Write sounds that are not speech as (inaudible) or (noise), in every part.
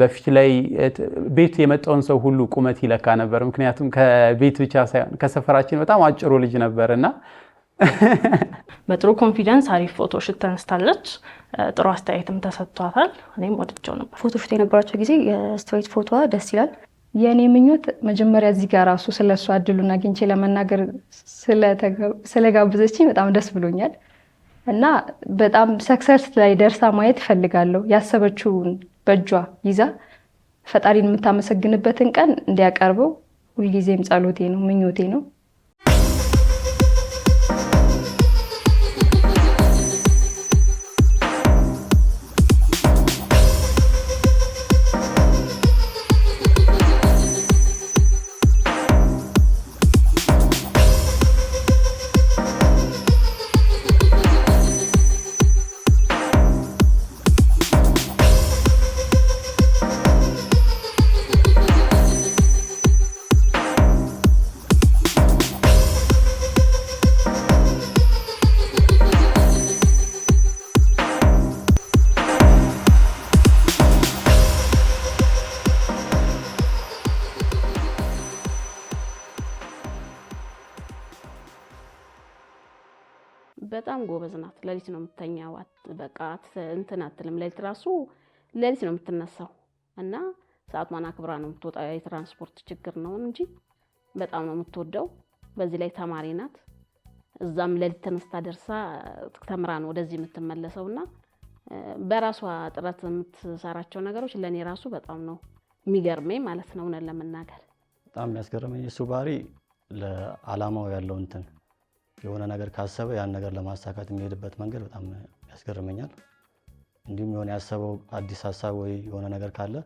በፊት ላይ ቤት የመጣውን ሰው ሁሉ ቁመት ይለካ ነበር። ምክንያቱም ከቤት ብቻ ሳይሆን ከሰፈራችን በጣም አጭሩ ልጅ ነበር እና (laughs) በጥሩ ኮንፊደንስ አሪፍ ፎቶ ሽት ተነስታለች። ጥሩ አስተያየትም ተሰጥቷታል። እኔም ወድጀው ነበር። ፎቶ ሽት የነበራቸው ጊዜ የስትሬት ፎቶዋ ደስ ይላል። የእኔ ምኞት መጀመሪያ እዚህ ጋር ራሱ ስለእሷ እድሉን አግኝቼ ለመናገር ስለጋብዘችኝ በጣም ደስ ብሎኛል እና በጣም ሰክሰስ ላይ ደርሳ ማየት እፈልጋለሁ ያሰበችውን በእጇ ይዛ ፈጣሪን የምታመሰግንበትን ቀን እንዲያቀርበው ሁልጊዜም ጸሎቴ ነው ምኞቴ ነው። በጣም ጎበዝ ናት። ሌሊት ነው የምተኛው። በቃ እንትን አትልም። ሌሊት ራሱ ሌሊት ነው የምትነሳው እና ሰዓቷን አክብራ ነው የምትወጣ። የትራንስፖርት ችግር ነው እንጂ በጣም ነው የምትወደው። በዚህ ላይ ተማሪ ናት። እዛም ሌሊት ተነስታ ደርሳ ተምራ ነው ወደዚህ የምትመለሰው እና በራሷ ጥረት የምትሰራቸው ነገሮች ለእኔ ራሱ በጣም ነው የሚገርመኝ ማለት ነው እውነት ለመናገር በጣም የሚያስገርመኝ እሱ ባህሪ ለዓላማው ያለው እንትን የሆነ ነገር ካሰበ ያን ነገር ለማሳካት የሚሄድበት መንገድ በጣም ያስገርመኛል። እንዲሁም የሆነ ያሰበው አዲስ ሀሳብ ወይ የሆነ ነገር ካለ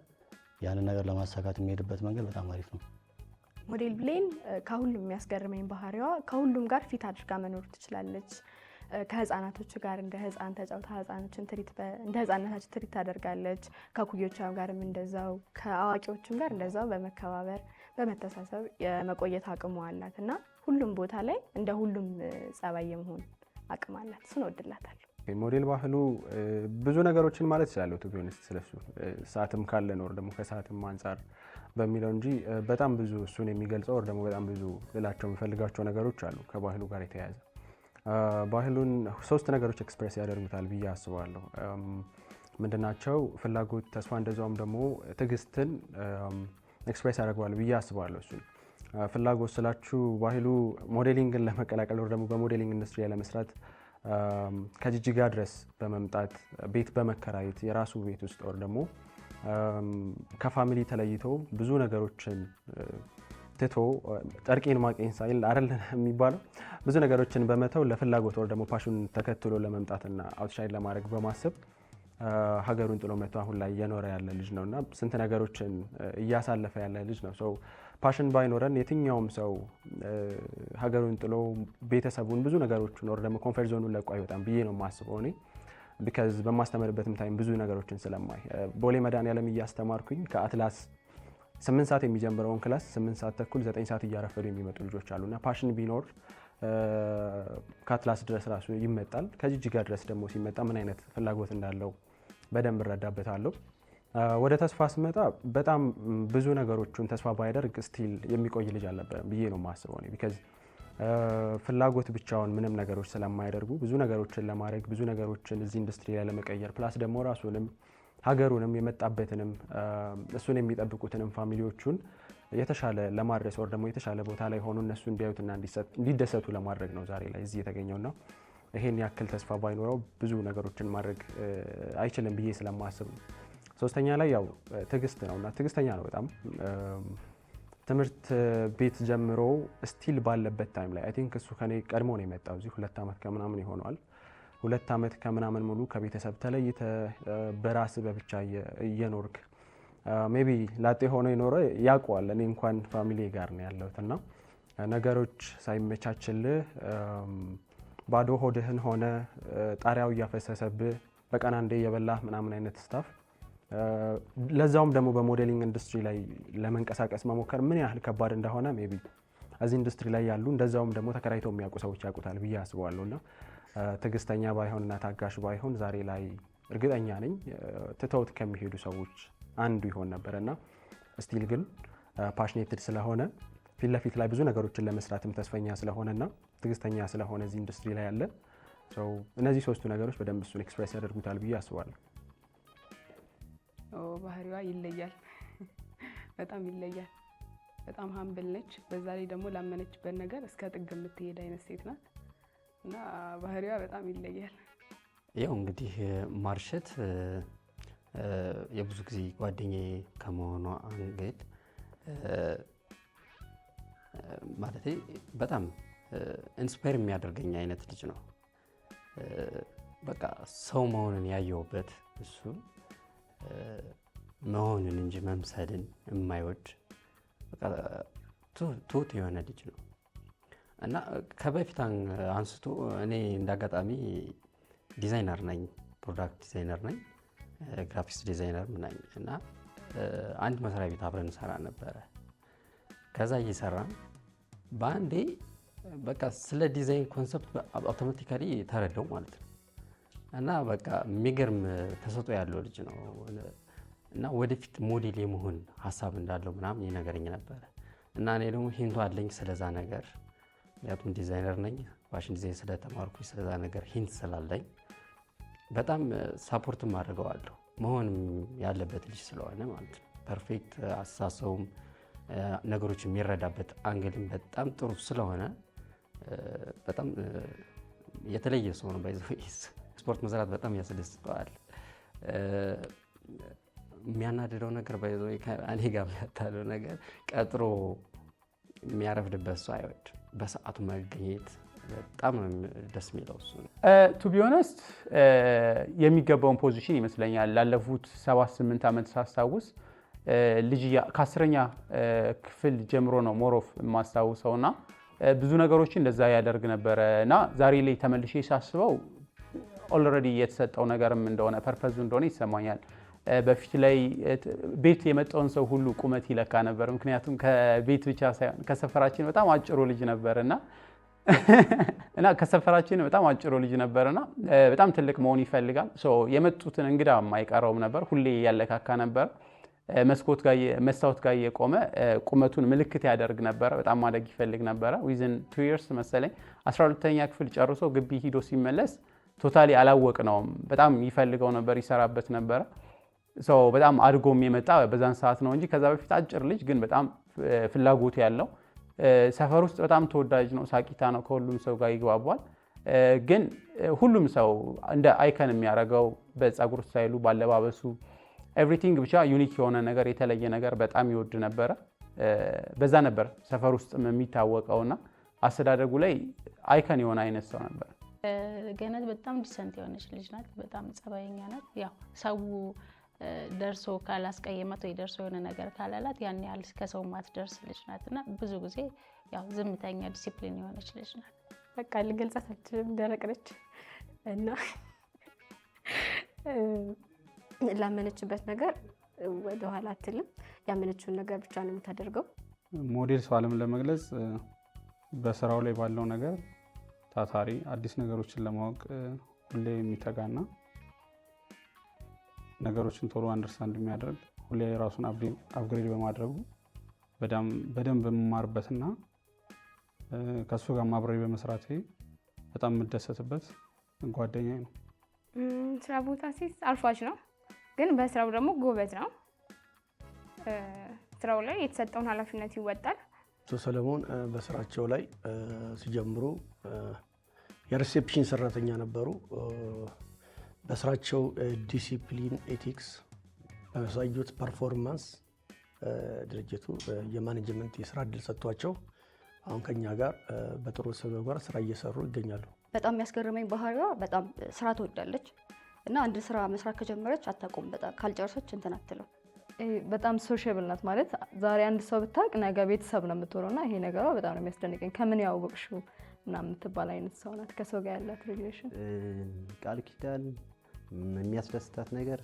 ያንን ነገር ለማሳካት የሚሄድበት መንገድ በጣም አሪፍ ነው። ሞዴል ብሌን ከሁሉም የሚያስገርመኝ ባህሪዋ ከሁሉም ጋር ፊት አድርጋ መኖር ትችላለች። ከህፃናቶቹ ጋር እንደ ህፃን ተጫውታ ህፃኖችን እንደ ህፃናታችን ትሪት ታደርጋለች። ከኩዮቿ ጋርም እንደዛው፣ ከአዋቂዎችም ጋር እንደዛው በመከባበር በመተሳሰብ የመቆየት አቅሙ አላት እና ሁሉም ቦታ ላይ እንደ ሁሉም ጸባይ የመሆን አቅም አላት። እሱን ወድላታለሁ። ሞዴል ባህሉ ብዙ ነገሮችን ማለት ይችላለሁ። ቱ ቢሆንስ ስለሱ ሰዓትም ካለ ኖር ደግሞ ከሰዓትም አንጻር በሚለው እንጂ በጣም ብዙ እሱን የሚገልጸው ወር ደግሞ በጣም ብዙ ልላቸው የሚፈልጋቸው ነገሮች አሉ ከባህሉ ጋር የተያያዘ ባህሉን ሶስት ነገሮች ኤክስፕሬስ ያደርጉታል ብዬ አስባለሁ። ምንድናቸው? ፍላጎት፣ ተስፋ እንደዛውም ደግሞ ትዕግስትን ኤክስፕሬስ ያደርገዋል ብዬ አስባለሁ እሱን ፍላጎት ስላችሁ ባህሉ ሞዴሊንግን ለመቀላቀል ወር ደግሞ በሞዴሊንግ ኢንዱስትሪ ለመስራት ከጅጅጋ ድረስ በመምጣት ቤት በመከራየት የራሱ ቤት ውስጥ ወር ደግሞ ከፋሚሊ ተለይቶ ብዙ ነገሮችን ትቶ ጨርቄን ማቄን ሳይል አይደል (laughs) የሚባለው ብዙ ነገሮችን በመተው ለፍላጎት ወር ደግሞ ፓሽን ተከትሎ ለመምጣትና አውትሻይድ ለማድረግ በማሰብ ሀገሩን ጥሎ መቶ አሁን ላይ እየኖረ ያለ ልጅ ነው እና ስንት ነገሮችን እያሳለፈ ያለ ልጅ ነው። ፓሽን ባይኖረን የትኛውም ሰው ሀገሩን ጥሎ ቤተሰቡን ብዙ ነገሮችን ወር ደግሞ ኮንፈርት ዞኑን ለቆ አይወጣም ብዬ ነው የማስበው እኔ ቢካዝ በማስተምርበትም ታይም ብዙ ነገሮችን ስለማይ ቦሌ መድኃኒዓለም እያስተማርኩኝ ከአትላስ ስምንት ሰዓት የሚጀምረውን ክላስ ስምንት ሰዓት ተኩል ዘጠኝ ሰዓት እያረፈዱ የሚመጡ ልጆች እና ፓሽን ቢኖር ከአትላስ ድረስ ራሱ ይመጣል። ከጅጅጋ ድረስ ደግሞ ሲመጣ ምን አይነት ፍላጎት እንዳለው በደንብ እረዳበታለሁ። ወደ ተስፋ ስመጣ በጣም ብዙ ነገሮቹን ተስፋ ባይደርግ ስቲል የሚቆይ ልጅ አልነበረም ብዬ ነው የማስበው። ቢካዝ ፍላጎት ብቻውን ምንም ነገሮች ስለማይደርጉ ብዙ ነገሮችን ለማድረግ ብዙ ነገሮችን እዚህ ኢንዱስትሪ ላይ ለመቀየር ፕላስ ደግሞ ራሱንም ሀገሩንም የመጣበትንም እሱን የሚጠብቁትንም ፋሚሊዎቹን የተሻለ ለማድረስ ወር ደግሞ የተሻለ ቦታ ላይ ሆኑ እነሱ እንዲያዩትና እንዲደሰቱ ለማድረግ ነው ዛሬ ላይ እዚህ የተገኘውና ይሄን ያክል ተስፋ ባይኖረው ብዙ ነገሮችን ማድረግ አይችልም ብዬ ስለማስብ ሶስተኛ ላይ ያው ትዕግስት ነው እና ትዕግስተኛ ነው በጣም ትምህርት ቤት ጀምሮ ስቲል ባለበት ታይም ላይ አይ ቲንክ እሱ ከኔ ቀድሞ ነው የመጣው። እዚህ ሁለት ዓመት ከምናምን ይሆነዋል። ሁለት ዓመት ከምናምን ሙሉ ከቤተሰብ ተለይተ በራስ በብቻ እየኖርክ ሜቢ ላጤ ሆኖ የኖረ ያውቀዋል። እኔ እንኳን ፋሚሊ ጋር ነው ያለሁት እና ነገሮች ሳይመቻችልህ ባዶ ሆድህን ሆነ ጣሪያው እያፈሰሰብህ በቀን አንዴ የበላህ ምናምን አይነት ስታፍ ለዛውም ደግሞ በሞዴሊንግ ኢንዱስትሪ ላይ ለመንቀሳቀስ መሞከር ምን ያህል ከባድ እንደሆነ ሜይ ቢ እዚህ ኢንዱስትሪ ላይ ያሉ እንደዛውም ደግሞ ተከራይተው የሚያውቁ ሰዎች ያውቁታል ብዬ አስበዋለሁ። እና ትዕግስተኛ ባይሆን እና ታጋሽ ባይሆን ዛሬ ላይ እርግጠኛ ነኝ ትተውት ከሚሄዱ ሰዎች አንዱ ይሆን ነበር። እና ስቲል ግን ፓሽኔትድ ስለሆነ ፊት ለፊት ላይ ብዙ ነገሮችን ለመስራትም ተስፈኛ ስለሆነና ትዕግስተኛ ስለሆነ እዚህ ኢንዱስትሪ ላይ ያለ እነዚህ ሶስቱ ነገሮች በደንብ እሱን ኤክስፕሬስ ያደርጉታል ብዬ አስባለሁ። ባህሪዋ ይለያል። (laughs) በጣም ይለያል። በጣም ሀምብል ነች። በዛ ላይ ደግሞ ላመነችበት ነገር እስከ ጥግ የምትሄድ አይነት ሴት ናት እና ባህሪዋ በጣም ይለያል። ያው እንግዲህ ማርሸት የብዙ ጊዜ ጓደኝ ከመሆኗ አንግድ ማለት በጣም ኢንስፓየር የሚያደርገኝ አይነት ልጅ ነው። በቃ ሰው መሆንን ያየውበት እሱ መሆንን እንጂ መምሰልን የማይወድ ትሁት የሆነ ልጅ ነው እና ከበፊት አንስቶ እኔ እንዳጋጣሚ ዲዛይነር ነኝ፣ ፕሮዳክት ዲዛይነር ነኝ፣ ግራፊክስ ዲዛይነር ምናኝ እና አንድ መስሪያ ቤት አብረን እንሰራ ነበረ። ከዛ እየሰራ በአንዴ በቃ ስለ ዲዛይን ኮንሰፕት አውቶማቲካሊ ተረዳው ማለት ነው እና በቃ የሚገርም ተሰጦ ያለው ልጅ ነው። እና ወደፊት ሞዴል የመሆን ሀሳብ እንዳለው ምናምን ይነገረኝ ነበረ እና እኔ ደግሞ ሂንቱ አለኝ ስለዛ ነገር ምክንያቱም ዲዛይነር ነኝ ፋሽን ዲዛይን ስለተማርኩ ስለዛ ነገር ሂንት ስላለኝ በጣም ሳፖርት አድርገዋለሁ መሆን ያለበት ልጅ ስለሆነ ማለት ነው። ፐርፌክት አስተሳሰቡም ነገሮች የሚረዳበት አንግልም በጣም ጥሩ ስለሆነ በጣም የተለየ ሰው ነው። ስፖርት መስራት በጣም ያስደስተዋል። የሚያናድደው ነገር ባይዞ እኔ ጋር የሚያታለው ነገር ቀጥሮ የሚያረፍድበት ሰው አይወድ በሰዓቱ መገኘት በጣም ደስ የሚለው እሱ ነው። ቱ ቢሆነስት የሚገባውን ፖዚሽን ይመስለኛል። ላለፉት ሰባት ስምንት ዓመት ሳስታውስ ልጅ ከአስረኛ ክፍል ጀምሮ ነው ሞሮፍ የማስታውሰው እና ብዙ ነገሮችን እንደዛ ያደርግ ነበረ እና ዛሬ ላይ ተመልሼ ሳስበው ኦልሬዲ የተሰጠው ነገርም እንደሆነ ፐርፐዙ እንደሆነ ይሰማኛል። በፊት ላይ ቤት የመጣውን ሰው ሁሉ ቁመት ይለካ ነበር። ምክንያቱም ከቤት ብቻ ሳይሆን ከሰፈራችን በጣም አጭሮ ልጅ ነበር እና (laughs) ከሰፈራችን በጣም አጭሮ ልጅ ነበርና በጣም ትልቅ መሆን ይፈልጋል። የመጡትን እንግዳ የማይቀረውም ነበር። ሁሌ ያለካካ ነበር። መስኮት ጋር መስታወት ጋር የቆመ ቁመቱን ምልክት ያደርግ ነበረ። በጣም ማደግ ይፈልግ ነበረ። ዊዝን ቱ ይርስ መሰለኝ 12ተኛ ክፍል ጨርሶ ግቢ ሂዶ ሲመለስ ቶታሊ አላወቅ ነውም። በጣም ይፈልገው ነበር፣ ይሰራበት ነበረ። ሰው በጣም አድጎም የመጣ በዛን ሰዓት ነው እንጂ ከዛ በፊት አጭር ልጅ ግን በጣም ፍላጎቱ ያለው ሰፈር ውስጥ በጣም ተወዳጅ ነው። ሳቂታ ነው። ከሁሉም ሰው ጋር ይግባቧል። ግን ሁሉም ሰው እንደ አይከን የሚያደርገው በፀጉር ስታይሉ፣ ባለባበሱ ኤቭሪቲንግ ብቻ ዩኒክ የሆነ ነገር የተለየ ነገር በጣም ይወድ ነበረ። በዛ ነበር ሰፈር ውስጥ የሚታወቀውና አስተዳደጉ ላይ አይከን የሆነ አይነት ሰው ነበር። ገነት በጣም ዲሰንት የሆነች ልጅ ናት። በጣም ጸባይኛ ናት። ያው ሰው ደርሶ ካላስቀይ ወይ ደርሶ የሆነ ነገር ካላላት ያን ያህል ከሰው ማትደርስ ልጅ ናት እና ብዙ ጊዜ ያው ዝምተኛ ዲሲፕሊን የሆነች ልጅ ናት። በቃ ልገልጻት አልችልም። ደረቅ ነች እና ላመነችበት ነገር ወደኋላ አትልም። ያመነችውን ነገር ብቻ ነው የምታደርገው። ሞዴል ሰው አለም ለመግለጽ በስራው ላይ ባለው ነገር ታታሪ፣ አዲስ ነገሮችን ለማወቅ ሁሌ የሚተጋና ነገሮችን ቶሎ አንደርስታንድ የሚያደርግ ሁሌ ራሱን አፕግሬድ በማድረጉ በደንብ የምማርበትና ከእሱ ጋር ማብሬ በመስራቴ በጣም የምደሰትበት ጓደኛ ነው። ስራ ቦታ ሴት አልፏች ነው፣ ግን በስራው ደግሞ ጎበዝ ነው። ስራው ላይ የተሰጠውን ኃላፊነት ይወጣል። አቶ ሰለሞን በስራቸው ላይ ሲጀምሩ የሪሴፕሽን ሰራተኛ ነበሩ። በስራቸው ዲሲፕሊን፣ ኤቲክስ በመሳዩት ፐርፎርማንስ ድርጅቱ የማኔጅመንት የስራ እድል ሰጥቷቸው አሁን ከኛ ጋር በጥሩ ስበብ ጋር ስራ እየሰሩ ይገኛሉ። በጣም የሚያስገርመኝ ባህሪዋ በጣም ስራ ትወዳለች እና አንድ ስራ መስራት ከጀመረች አታቆም። በጣም ካልጨርሶች እንትን አትለው። በጣም ሶሻብል ናት። ማለት ዛሬ አንድ ሰው ብታቅ ነገ ቤተሰብ ነው የምትሆነው እና ይሄ ነገሯ በጣም ነው የሚያስደንቀኝ። ከምን ያወቅሽው ምናምን የምትባል አይነት ሰው ናት። ከሰው ጋር ያላት ሪሌሽን ቃል ኪዳን የሚያስደስታት ነገር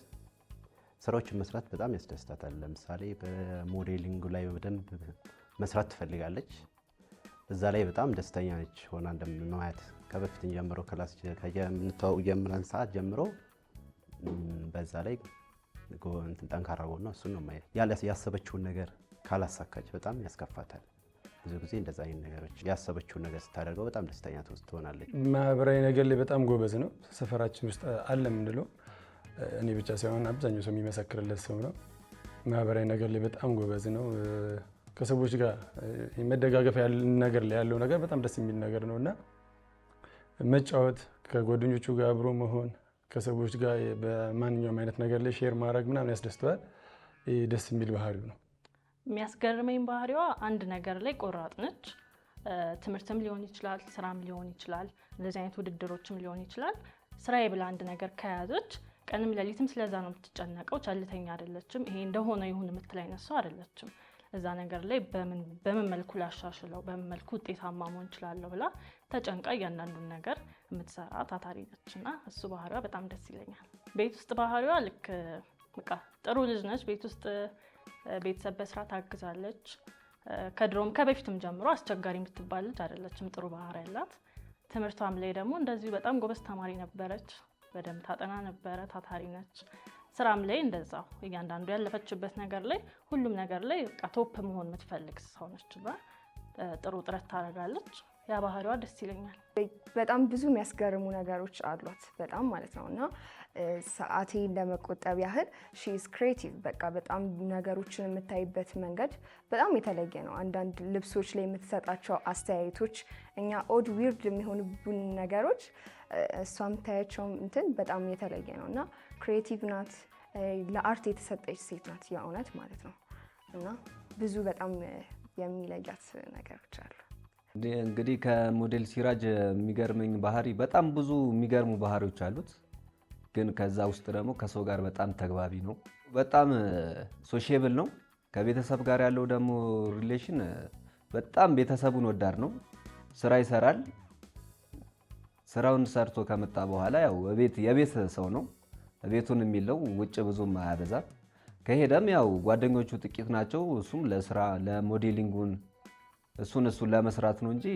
ስራዎችን መስራት በጣም ያስደስታታል። ለምሳሌ በሞዴሊንጉ ላይ በደንብ መስራት ትፈልጋለች። እዛ ላይ በጣም ደስተኛ ነች ሆና እንደምንማያት ከበፊትን ጀምሮ ክላስ ከምንተዋወቅ ጀምረን ሰዓት ጀምሮ በዛ ላይ ጠንካራ ጎኗ እሱን ነው ማየት ያሰበችውን ነገር ካላሳካች በጣም ያስከፋታል። ብዙ ጊዜ እንደዛ አይነት ነገሮች ያሰበችውን ነገር ስታደርገው በጣም ደስተኛ ትሆናለች። ማህበራዊ ነገር ላይ በጣም ጎበዝ ነው። ሰፈራችን ውስጥ አለ ምንለው እኔ ብቻ ሳይሆን አብዛኛው ሰው የሚመሰክርለት ሰው ነው። ማህበራዊ ነገር ላይ በጣም ጎበዝ ነው። ከሰዎች ጋር መደጋገፍ ነገር ላይ ያለው ነገር በጣም ደስ የሚል ነገር ነው እና መጫወት፣ ከጓደኞቹ ጋር አብሮ መሆን፣ ከሰዎች ጋር በማንኛውም አይነት ነገር ላይ ሼር ማድረግ ምናምን ያስደስተዋል። ደስ የሚል ባህሪው ነው። የሚያስገርመኝ ባህሪዋ አንድ ነገር ላይ ቆራጥ ነች። ትምህርትም ሊሆን ይችላል፣ ስራም ሊሆን ይችላል፣ እንደዚህ አይነት ውድድሮችም ሊሆን ይችላል። ስራዬ ብላ አንድ ነገር ከያዘች ቀንም ሌሊትም ስለዛ ነው የምትጨነቀው። ቸልተኛ አይደለችም። ይሄ እንደሆነ ይሁን የምትል አይነት ሰው አይደለችም። እዛ ነገር ላይ በምን መልኩ ላሻሽለው፣ በምን መልኩ ውጤታማ መሆን እችላለሁ ብላ ተጨንቃ እያንዳንዱን ነገር የምትሰራ ታታሪ ነች እና እሱ ባህሪዋ በጣም ደስ ይለኛል። ቤት ውስጥ ባህሪዋ ልክ በቃ ጥሩ ልጅ ነች። ቤት ውስጥ ቤተሰብ በስራ ታግዛለች። ከድሮም ከበፊትም ጀምሮ አስቸጋሪ የምትባል ልጅ አይደለችም። ጥሩ ባህሪ ያላት። ትምህርቷም ላይ ደግሞ እንደዚሁ በጣም ጎበዝ ተማሪ ነበረች። በደንብ ታጠና ነበረ። ታታሪ ነች። ስራም ላይ እንደዛው እያንዳንዱ ያለፈችበት ነገር ላይ ሁሉም ነገር ላይ ቶፕ መሆን የምትፈልግ ሰው ነች። ጥሩ ጥረት ታደርጋለች። ያ ባህሪዋ ደስ ይለኛል። በጣም ብዙ የሚያስገርሙ ነገሮች አሏት በጣም ማለት ነው። እና ሰዓቴ ለመቆጠብ ያህል ሺዝ ክሬቲቭ በቃ በጣም ነገሮችን የምታይበት መንገድ በጣም የተለየ ነው። አንዳንድ ልብሶች ላይ የምትሰጣቸው አስተያየቶች እኛ ኦድ ዊርድ የሚሆንብን ነገሮች እሷ የምታያቸው እንትን በጣም የተለየ ነው እና ክሬቲቭ ናት። ለአርት የተሰጠች ሴት ናት የእውነት ማለት ነው እና ብዙ በጣም የሚለያት ነገሮች አሉ። እንግዲህ ከሞዴል ሲራጅ የሚገርመኝ ባህሪ በጣም ብዙ የሚገርሙ ባህሪዎች አሉት። ግን ከዛ ውስጥ ደግሞ ከሰው ጋር በጣም ተግባቢ ነው። በጣም ሶሽብል ነው። ከቤተሰብ ጋር ያለው ደግሞ ሪሌሽን በጣም ቤተሰቡን ወዳድ ነው። ስራ ይሰራል። ስራውን ሰርቶ ከመጣ በኋላ ያው የቤት ሰው ነው። ቤቱን የሚለው ውጭ ብዙም አያበዛም። ከሄደም ያው ጓደኞቹ ጥቂት ናቸው። እሱም ለስራ ለሞዴሊንጉን እሱን እሱን ለመስራት ነው እንጂ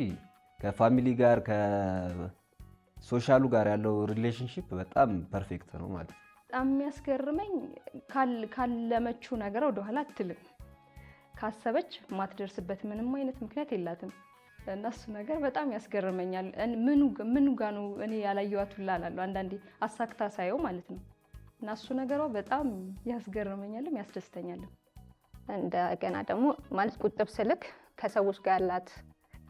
ከፋሚሊ ጋር ከሶሻሉ ጋር ያለው ሪሌሽንሽፕ በጣም ፐርፌክት ነው ማለት ነው። በጣም የሚያስገርመኝ ካለመችው ነገር ወደኋላ አትልም። ካሰበች ማትደርስበት ምንም አይነት ምክንያት የላትም እና እሱ ነገር በጣም ያስገርመኛል። ምኑ ጋ ነው እኔ ያላየኋት ሁላ እላለሁ አንዳንዴ አሳክታ ሳየው ማለት ነው። እና እሱ ነገሯ በጣም ያስገርመኛልም ያስደስተኛልም። እንደገና ደግሞ ማለት ቁጥብ ስልክ ከሰዎች ጋር ያላት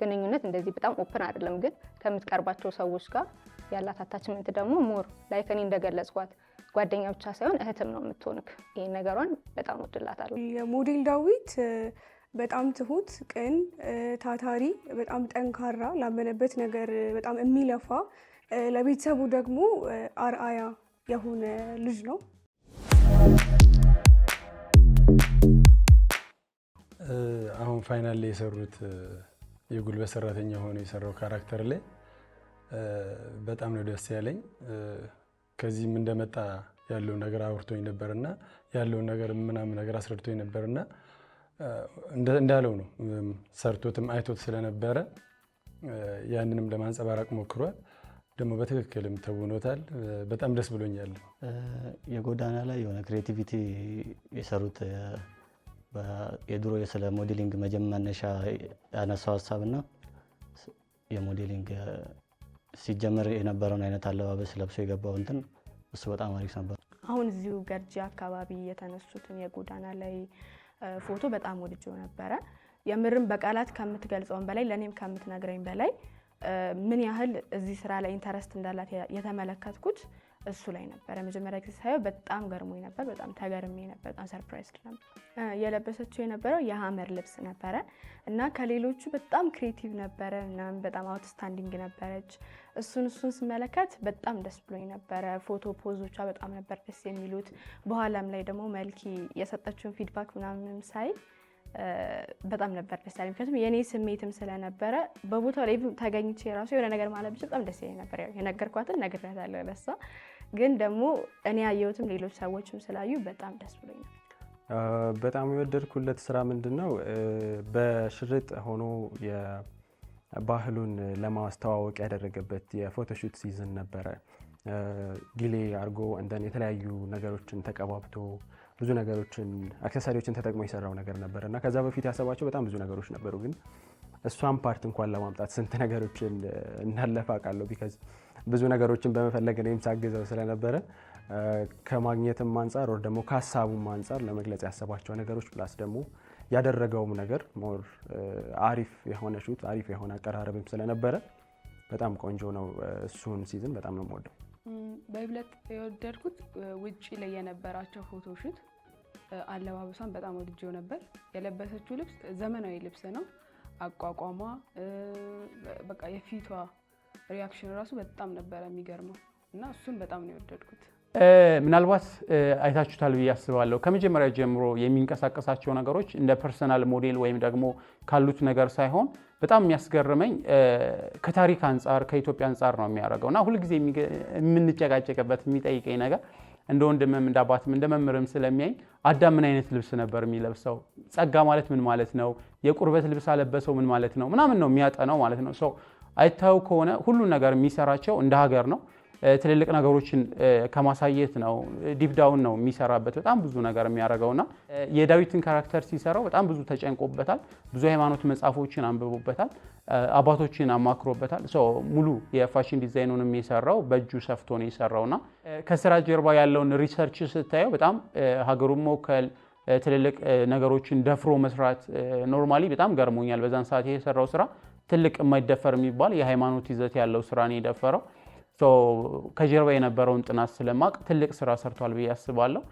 ግንኙነት እንደዚህ በጣም ኦፕን አይደለም፣ ግን ከምትቀርባቸው ሰዎች ጋር ያላት አታችመንት ደግሞ ሞር ላይክ እኔ እንደገለጽኳት ጓደኛ ብቻ ሳይሆን እህትም ነው የምትሆንክ። ይህ ነገሯን በጣም ወድላታለሁ። የሞዴል ዳዊት በጣም ትሁት፣ ቅን፣ ታታሪ፣ በጣም ጠንካራ፣ ላመነበት ነገር በጣም የሚለፋ ለቤተሰቡ ደግሞ አርአያ የሆነ ልጅ ነው። አሁን ፋይናል ላይ የሰሩት የጉልበት ሰራተኛ ሆኖ የሰራው ካራክተር ላይ በጣም ነው ደስ ያለኝ። ከዚህም እንደመጣ ያለውን ነገር አውርቶኝ ነበርና ያለውን ነገር ምናምን ነገር አስረድቶኝ ነበርና እንዳለው ነው ሰርቶትም አይቶት ስለነበረ ያንንም ለማንጸባረቅ ሞክሯል። ደግሞ በትክክልም ተውኖታል። በጣም ደስ ብሎኛል። የጎዳና ላይ የሆነ ክሬቲቪቲ የሰሩት የድሮ ስለ ሞዴሊንግ መጀመነሻ ያነሳው ሀሳብና የሞዴሊንግ ሲጀመር የነበረውን አይነት አለባበስ ለብሶ የገባው እንትን እሱ በጣም አሪፍ ነበር። አሁን እዚሁ ገርጂ አካባቢ የተነሱትን የጎዳና ላይ ፎቶ በጣም ወድጆ ነበረ። የምርም በቃላት ከምትገልጸውን በላይ ለእኔም ከምትነግረኝ በላይ ምን ያህል እዚህ ስራ ላይ ኢንተረስት እንዳላት የተመለከትኩት እሱ ላይ ነበረ መጀመሪያ ጊዜ ሳየው በጣም ገርሞኝ ነበር። በጣም ተገርሜ ነበር። በጣም ሰርፕራይዝድ ነበር። የለበሰችው የነበረው የሀመር ልብስ ነበረ እና ከሌሎቹ በጣም ክሬቲቭ ነበረ ምናምን በጣም አውትስታንዲንግ ነበረች። እሱን እሱን ስመለከት በጣም ደስ ብሎኝ ነበረ። ፎቶ ፖዞቿ በጣም ነበር ደስ የሚሉት። በኋላም ላይ ደግሞ መልኪ የሰጠችውን ፊድባክ ምናምንም ሳይ በጣም ነበር ደስ ያለኝ። ምክንያቱም የእኔ ስሜትም ስለነበረ በቦታው ላይ ተገኝቼ የራሱ የሆነ ነገር ማለብች በጣም ደስ ይለኝ ነበር። ያው የነገርኳትን ነግሬያታለሁ ለእሷ ግን ደግሞ እኔ ያየሁትም ሌሎች ሰዎችም ስላዩ በጣም ደስ ብሎኛል። በጣም የወደድኩለት ስራ ምንድን ነው በሽርጥ ሆኖ ባህሉን ለማስተዋወቅ ያደረገበት የፎቶሹት ሲዝን ነበረ። ጊሌ አድርጎ እንደን የተለያዩ ነገሮችን ተቀባብቶ ብዙ ነገሮችን አክሰሳሪዎችን ተጠቅሞ የሰራው ነገር ነበር እና ከዛ በፊት ያሰባቸው በጣም ብዙ ነገሮች ነበሩ፣ ግን እሷን ፓርት እንኳን ለማምጣት ስንት ነገሮችን እናለፈ አውቃለሁ ቢካዝ ብዙ ነገሮችን በመፈለግ እኔም ሳግዘው ስለነበረ ከማግኘትም አንጻር ወር ደግሞ ከሀሳቡም አንጻር ለመግለጽ ያሰባቸው ነገሮች ፕላስ ደግሞ ያደረገውም ነገር ሞር አሪፍ የሆነ ሹት አሪፍ የሆነ አቀራረብም ስለነበረ በጣም ቆንጆ ነው። እሱን ሲዝን በጣም ነው የምወደው። በይበልጥ የወደድኩት ውጭ ላይ የነበራቸው ፎቶ ሹት አለባበሷን በጣም ወድጄው ነበር። የለበሰችው ልብስ ዘመናዊ ልብስ ነው። አቋቋሟ በቃ የፊቷ ሪያክሽን ራሱ በጣም ነበረ የሚገርመው እና እሱን በጣም ነው የወደድኩት። ምናልባት አይታችሁታል ብዬ አስባለሁ። ከመጀመሪያ ጀምሮ የሚንቀሳቀሳቸው ነገሮች እንደ ፐርሰናል ሞዴል ወይም ደግሞ ካሉት ነገር ሳይሆን በጣም የሚያስገርመኝ ከታሪክ አንጻር ከኢትዮጵያ አንጻር ነው የሚያደርገው እና ሁልጊዜ የምንጨቃጨቅበት የሚጠይቀኝ ነገር እንደ ወንድምም እንደ አባትም እንደ መምህርም ስለሚያኝ አዳም ምን አይነት ልብስ ነበር የሚለብሰው? ጸጋ ማለት ምን ማለት ነው? የቁርበት ልብስ አለበሰው ምን ማለት ነው? ምናምን ነው የሚያጠነው ማለት ነው። አይታዩ ከሆነ ሁሉን ነገር የሚሰራቸው እንደ ሀገር ነው። ትልልቅ ነገሮችን ከማሳየት ነው። ዲፕዳውን ነው የሚሰራበት በጣም ብዙ ነገር የሚያደርገውና የዳዊትን ካራክተር ሲሰራው በጣም ብዙ ተጨንቆበታል። ብዙ ሃይማኖት መጽሐፎችን አንብቦበታል። አባቶችን አማክሮበታል። ሙሉ የፋሽን ዲዛይኑን የሰራው በእጁ ሰፍቶ ነው የሰራውና ከስራ ጀርባ ያለውን ሪሰርች ስታየው በጣም ሀገሩን መወከል ትልልቅ ነገሮችን ደፍሮ መስራት ኖርማሊ በጣም ገርሞኛል። በዛን ሰዓት የሰራው ስራ ትልቅ የማይደፈር የሚባል የሃይማኖት ይዘት ያለው ስራ ነው የደፈረው ከጀርባ የነበረውን ጥናት ስለማቅ ትልቅ ስራ ሰርቷል ብዬ አስባለሁ።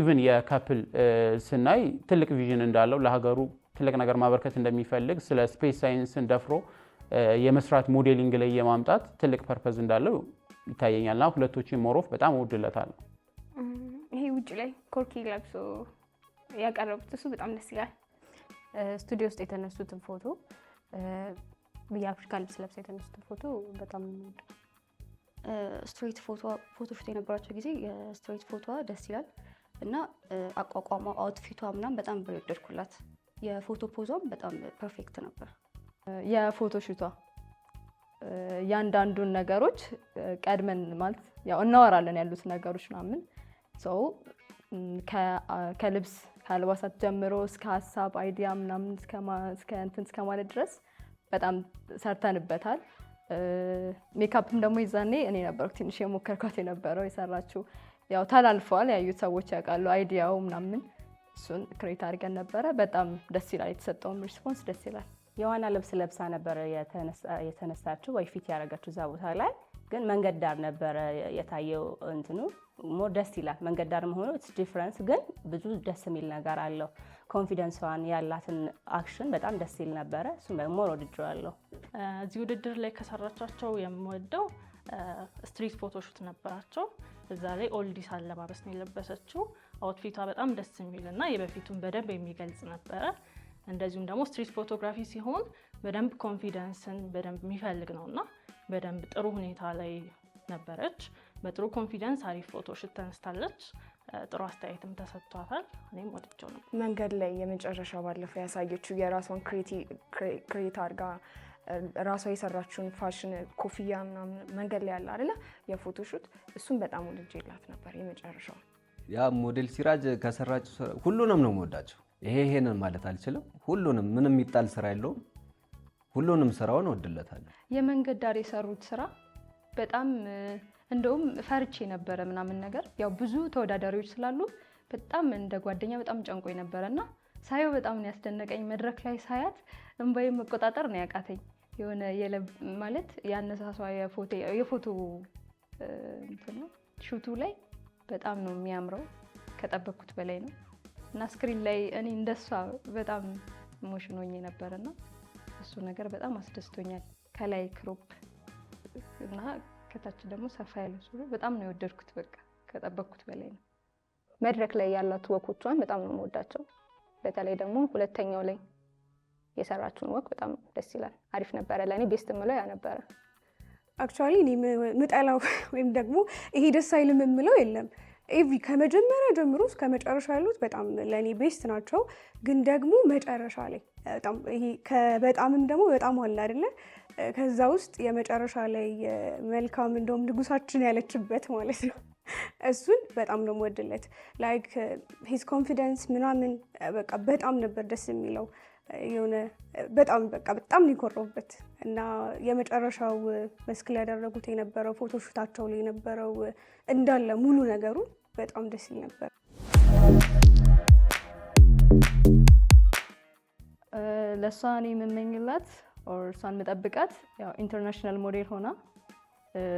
ኢቭን የካፕል uh, ስናይ ትልቅ ቪዥን እንዳለው ለሀገሩ ትልቅ ነገር ማበርከት እንደሚፈልግ ስለ ስፔስ ሳይንስን ደፍሮ uh, የመስራት ሞዴሊንግ ላይ የማምጣት ትልቅ ፐርፐዝ እንዳለው ይታየኛል ና ሁለቶችን ሞሮፍ በጣም እወድለታለሁ። ይሄ ውጭ ላይ ኮርኪ ለብሶ ያቀረቡት እሱ በጣም ደስ ይላል። ስቱዲዮ ውስጥ የተነሱትን ፎቶ የአፍሪካ ልብስ ለብሳ የተነሱት ፎቶ በጣም ስትሬት ፎቶ ሹት የነበራቸው ጊዜ የስትሬት ፎቶዋ ደስ ይላል እና አቋቋሟ፣ አውትፊቷ ምናምን በጣም ብር የወደድኩላት። የፎቶ ፖዟም በጣም ፐርፌክት ነበር። የፎቶ ሹቷ ያንዳንዱን ነገሮች ቀድመን ማለት ያው እናወራለን ያሉት ነገሮች ምናምን ሰው ከልብስ ከአልባሳት ጀምሮ እስከ ሀሳብ አይዲያ ምናምን እስከ እንትን እስከ ማለት ድረስ በጣም ሰርተንበታል። ሜካፕም ደግሞ ይዛኔ እኔ ነበርኩ ትንሽ የሞከርኳት የነበረው የሰራችው ያው ተላልፈዋል፣ ያዩት ሰዎች ያውቃሉ አይዲያው ምናምን እሱን ክሬት አድርገን ነበረ። በጣም ደስ ይላል። የተሰጠውን ሪስፖንስ ደስ ይላል። የዋና ልብስ ለብሳ ነበረ የተነሳችው ወይ ፊት ያደረገችው እዛ ቦታ ላይ ግን መንገድ ዳር ነበረ የታየው እንትኑ ሞር ደስ ይላል። መንገድ ዳር መሆኑ ኢትስ ዲፍረንስ፣ ግን ብዙ ደስ የሚል ነገር አለው። ኮንፊደንስዋን ያላትን አክሽን በጣም ደስ ይል ነበረ። እሱም ውድድር አለው እዚህ ውድድር ላይ ከሰራቻቸው የምወደው ስትሪት ፎቶሹት ነበራቸው። እዛ ላይ ኦልዲስ አለባበስ ነው የለበሰችው። አውትፊቷ በጣም ደስ የሚል እና የበፊቱን በደንብ የሚገልጽ ነበረ። እንደዚሁም ደግሞ ስትሪት ፎቶግራፊ ሲሆን በደንብ ኮንፊደንስን በደንብ የሚፈልግ ነው እና በደንብ ጥሩ ሁኔታ ላይ ነበረች። በጥሩ ኮንፊደንስ አሪፍ ፎቶሽት ተነስታለች። ጥሩ አስተያየትም ተሰጥቷታል። እኔም ወድጀው ነው። መንገድ ላይ የመጨረሻ ባለፈው ያሳየችው የራሷን ክሬት አድርጋ ራሷ የሰራችውን ፋሽን ኮፍያ ምናምን መንገድ ላይ ያለ አይደለ የፎቶ ሹት እሱም በጣም ወድጄ ነበር። የመጨረሻው ያ ሞዴል ሲራጅ ከሰራችው ሁሉንም ነው መወዳቸው። ይሄ ይሄንን ማለት አልችልም። ሁሉንም ምንም የሚጣል ስራ የለውም። ሁሉንም ስራውን እወድለታለሁ። የመንገድ ዳር የሰሩት ስራ በጣም እንደውም ፈርቼ ነበረ ምናምን ነገር ያው ብዙ ተወዳዳሪዎች ስላሉ በጣም እንደ ጓደኛ በጣም ጨንቆ ነበረ እና ሳየው በጣም ነው ያስደነቀኝ። መድረክ ላይ ሳያት እንባዬ መቆጣጠር ነው ያቃተኝ። የሆነ ማለት ያነሳሷ የፎቶ ሹቱ ላይ በጣም ነው የሚያምረው፣ ከጠበቅኩት በላይ ነው እና ስክሪን ላይ እኔ እንደሷ በጣም ሞሽኖኝ ነበረና እሱ ነገር በጣም አስደስቶኛል። ከላይ ክሮፕ እና ከታች ደግሞ ሰፋ ያለ ሱሪ በጣም ነው የወደድኩት። በቃ ከጠበቅኩት በላይ ነው። መድረክ ላይ ያላት ወኮቿን በጣም ነው የምወዳቸው። በተለይ ደግሞ ሁለተኛው ላይ የሰራችውን ወቅ በጣም ደስ ይላል። አሪፍ ነበረ። ለእኔ ቤስት የምለው ያ ነበረ። አክቹዋሊ እኔ ምጠላው (laughs) ወይም ደግሞ ይሄ ደስ አይልም የምለው የለም ኤቭሪ ከመጀመሪያ ጀምሮ እስከ መጨረሻ ያሉት በጣም ለእኔ ቤስት ናቸው። ግን ደግሞ መጨረሻ ላይ በጣምም ደግሞ በጣም ዋላ አይደለ ከዛ ውስጥ የመጨረሻ ላይ መልካም እንደውም ንጉሳችን ያለችበት ማለት ነው። እሱን በጣም ነው የምወድለት። ላይክ ሂዝ ኮንፊደንስ ምናምን በቃ በጣም ነበር ደስ የሚለው የሆነ በጣም በቃ በጣም ነው የኮረውበት እና የመጨረሻው መስክ ላይ ያደረጉት የነበረው ፎቶሹታቸው ላይ የነበረው እንዳለ ሙሉ ነገሩን በጣም ደስ ይል ነበር። ለእሷ እኔ የምመኝላት ኦር እሷን የምጠብቃት ኢንተርናሽናል ሞዴል ሆና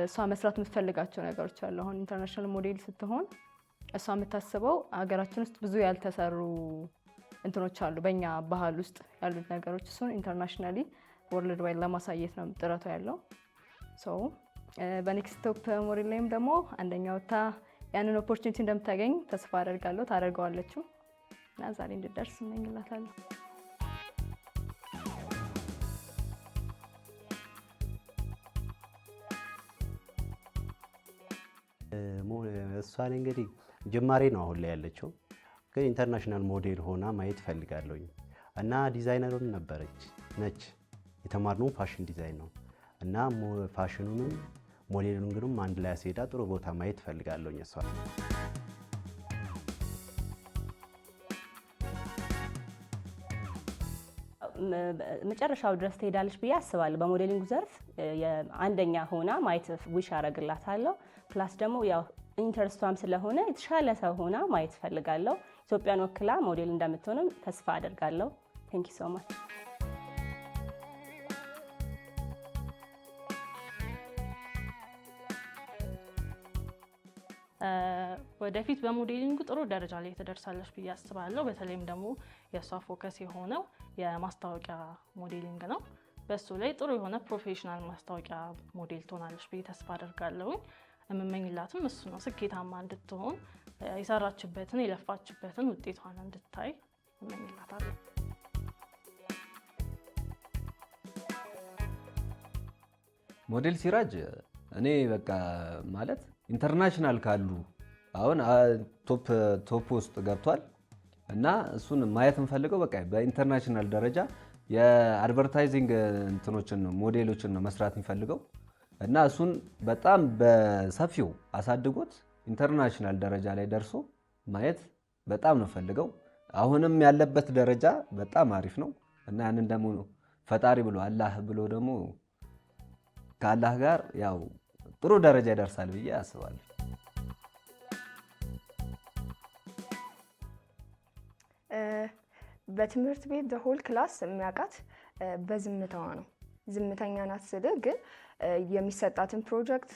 እሷ መስራት የምትፈልጋቸው ነገሮች አሉ። አሁን ኢንተርናሽናል ሞዴል ስትሆን እሷ የምታስበው ሀገራችን ውስጥ ብዙ ያልተሰሩ እንትኖች አሉ፣ በእኛ ባህል ውስጥ ያሉት ነገሮች። እሱን ኢንተርናሽናሊ ወርልድ ዋይድ ለማሳየት ነው ጥረቷ ያለው። በኔክስት ቶፕ ሞዴል ላይም ደግሞ አንደኛ ወታ ያንን ኦፖርቹኒቲ እንደምታገኝ ተስፋ አደርጋለሁ። ታደርገዋለችው እና ዛሬ እንድደርስ እመኝላታለሁ። እሷን እንግዲህ ጅማሬ ነው አሁን ላይ ያለችው፣ ግን ኢንተርናሽናል ሞዴል ሆና ማየት እፈልጋለሁኝ እና ዲዛይነርም ነበረች ነች። የተማርነው ፋሽን ዲዛይን ነው እና ፋሽኑንም ሞሌሉን ግንም አንድ ላይ አስሄዳ ጥሩ ቦታ ማየት እፈልጋለሁ እሷ መጨረሻው ድረስ ትሄዳለች ብዬ አስባለሁ። በሞዴሊንግ ዘርፍ አንደኛ ሆና ማየት ዊሽ አረግላታለሁ። ፕላስ ደግሞ ያው ኢንተርስቷም ስለሆነ የተሻለ ሰው ሆና ማየት እፈልጋለሁ። ኢትዮጵያን ወክላ ሞዴል እንደምትሆንም ተስፋ አደርጋለሁ። ቴንክ ዩ ሶ ማች ወደፊት በሞዴሊንግ ጥሩ ደረጃ ላይ ትደርሳለች ብዬ አስባለሁ። በተለይም ደግሞ የእሷ ፎከስ የሆነው የማስታወቂያ ሞዴሊንግ ነው። በእሱ ላይ ጥሩ የሆነ ፕሮፌሽናል ማስታወቂያ ሞዴል ትሆናለች ብዬ ተስፋ አደርጋለሁኝ። የምመኝላትም እሱ ነው፣ ስኬታማ እንድትሆን የሰራችበትን የለፋችበትን ውጤቷን እንድታይ እመኝላታለሁ። ሞዴል ሲራጅ እኔ በቃ ማለት ኢንተርናሽናል ካሉ አሁን ቶፕ ውስጥ ገብቷል እና እሱን ማየት እንፈልገው በቃ በኢንተርናሽናል ደረጃ የአድቨርታይዚንግ እንትኖችን ሞዴሎችን ነው መስራት እንፈልገው እና እሱን በጣም በሰፊው አሳድጎት ኢንተርናሽናል ደረጃ ላይ ደርሶ ማየት በጣም ነው ፈልገው። አሁንም ያለበት ደረጃ በጣም አሪፍ ነው እና ያንን ደግሞ ፈጣሪ ብሎ አላህ ብሎ ደግሞ ከአላህ ጋር ያው ጥሩ ደረጃ ይደርሳል ብዬ አስባለሁ። በትምህርት ቤት ዘሆል ክላስ የሚያውቃት በዝምታዋ ነው። ዝምተኛ ናት ስልህ ግን የሚሰጣትን ፕሮጀክት፣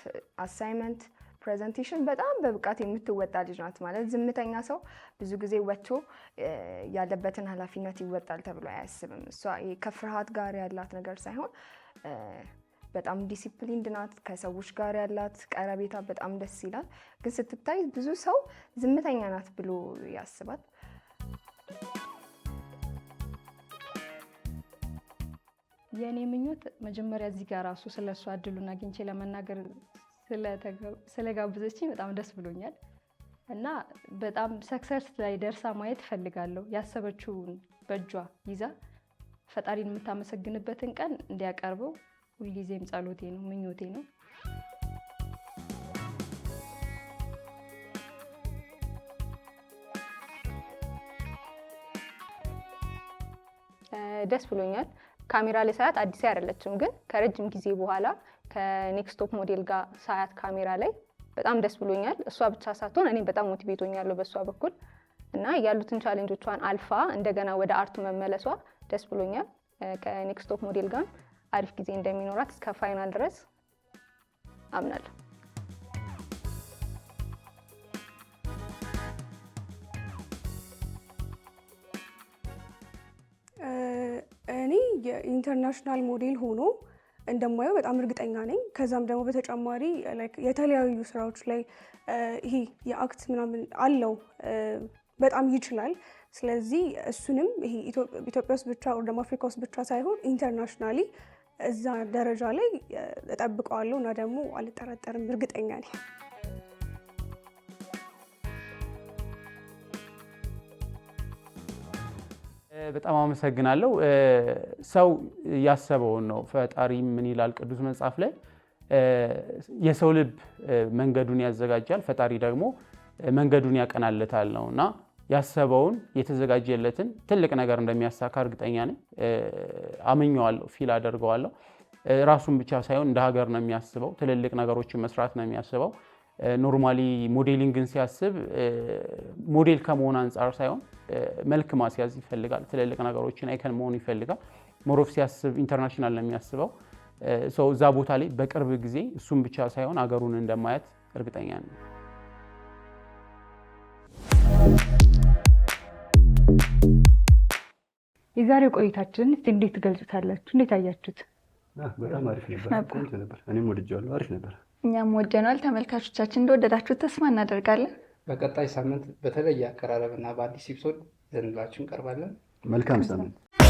አሳይመንት፣ ፕሬዘንቴሽን በጣም በብቃት የምትወጣ ልጅ ናት። ማለት ዝምተኛ ሰው ብዙ ጊዜ ወጥቶ ያለበትን ኃላፊነት ይወጣል ተብሎ አያስብም። እሷ ከፍርሃት ጋር ያላት ነገር ሳይሆን በጣም ዲሲፕሊንድ ናት። ከሰዎች ጋር ያላት ቀረቤታ በጣም ደስ ይላል። ግን ስትታይ ብዙ ሰው ዝምተኛ ናት ብሎ ያስባል። የእኔ ምኞት መጀመሪያ እዚህ ጋር ራሱ ስለ እሷ እድሉን አግኝቼ ለመናገር ስለጋብዘችኝ በጣም ደስ ብሎኛል እና በጣም ሰክሰስ ላይ ደርሳ ማየት እፈልጋለሁ። ያሰበችውን በእጇ ይዛ ፈጣሪን የምታመሰግንበትን ቀን እንዲያቀርበው ሁልጊዜም ጸሎቴ ነው፣ ምኞቴ ነው። ደስ ብሎኛል። ካሜራ ላይ ሳያት አዲስ አይደለችም፣ ግን ከረጅም ጊዜ በኋላ ከኔክስቶፕ ሞዴል ጋር ሳያት ካሜራ ላይ በጣም ደስ ብሎኛል። እሷ ብቻ ሳትሆን እኔም በጣም ሞቲቬቶኛለሁ በእሷ በኩል እና ያሉትን ቻሌንጆቿን አልፋ እንደገና ወደ አርቱ መመለሷ ደስ ብሎኛል። ከኔክስቶፕ ሞዴል ጋር አሪፍ ጊዜ እንደሚኖራት እስከ ፋይናል ድረስ አምናለሁ። እኔ የኢንተርናሽናል ሞዴል ሆኖ እንደማየው በጣም እርግጠኛ ነኝ። ከዛም ደግሞ በተጨማሪ የተለያዩ ስራዎች ላይ ይሄ የአክት ምናምን አለው በጣም ይችላል። ስለዚህ እሱንም ይሄ ኢትዮጵያ ውስጥ ብቻ ደግሞ አፍሪካ ውስጥ ብቻ ሳይሆን ኢንተርናሽናሊ እዛ ደረጃ ላይ እጠብቀዋለሁ እና ደግሞ አልጠረጠርም፣ እርግጠኛ ነኝ። በጣም አመሰግናለሁ። ሰው ያሰበውን ነው። ፈጣሪ ምን ይላል ቅዱስ መጽሐፍ ላይ? የሰው ልብ መንገዱን ያዘጋጃል፣ ፈጣሪ ደግሞ መንገዱን ያቀናለታል ነው እና ያሰበውን የተዘጋጀለትን ትልቅ ነገር እንደሚያሳካ እርግጠኛ ነኝ። አምኘዋለሁ፣ ፊል አደርገዋለሁ። ራሱን ብቻ ሳይሆን እንደ ሀገር ነው የሚያስበው። ትልልቅ ነገሮችን መስራት ነው የሚያስበው። ኖርማሊ ሞዴሊንግን ሲያስብ ሞዴል ከመሆን አንጻር ሳይሆን መልክ ማስያዝ ይፈልጋል። ትልልቅ ነገሮችን አይከን መሆን ይፈልጋል። ሞሮፍ ሲያስብ ኢንተርናሽናል ነው የሚያስበው። ሰው እዛ ቦታ ላይ በቅርብ ጊዜ እሱን ብቻ ሳይሆን አገሩን እንደማያት እርግጠኛ ነው። የዛሬ ቆይታችንን እስኪ እንዴት ትገልጹታላችሁ? እንዴት አያችሁት? በጣም አሪፍ ነበር። እኔም ወድጀዋለሁ። አሪፍ ነበር። እኛም ወደነዋል። ተመልካቾቻችን እንደወደዳችሁት ተስፋ እናደርጋለን። በቀጣይ ሳምንት በተለየ አቀራረብና በአዲስ ኤፒሶድ ዘንላችሁ እንቀርባለን። መልካም ሳምንት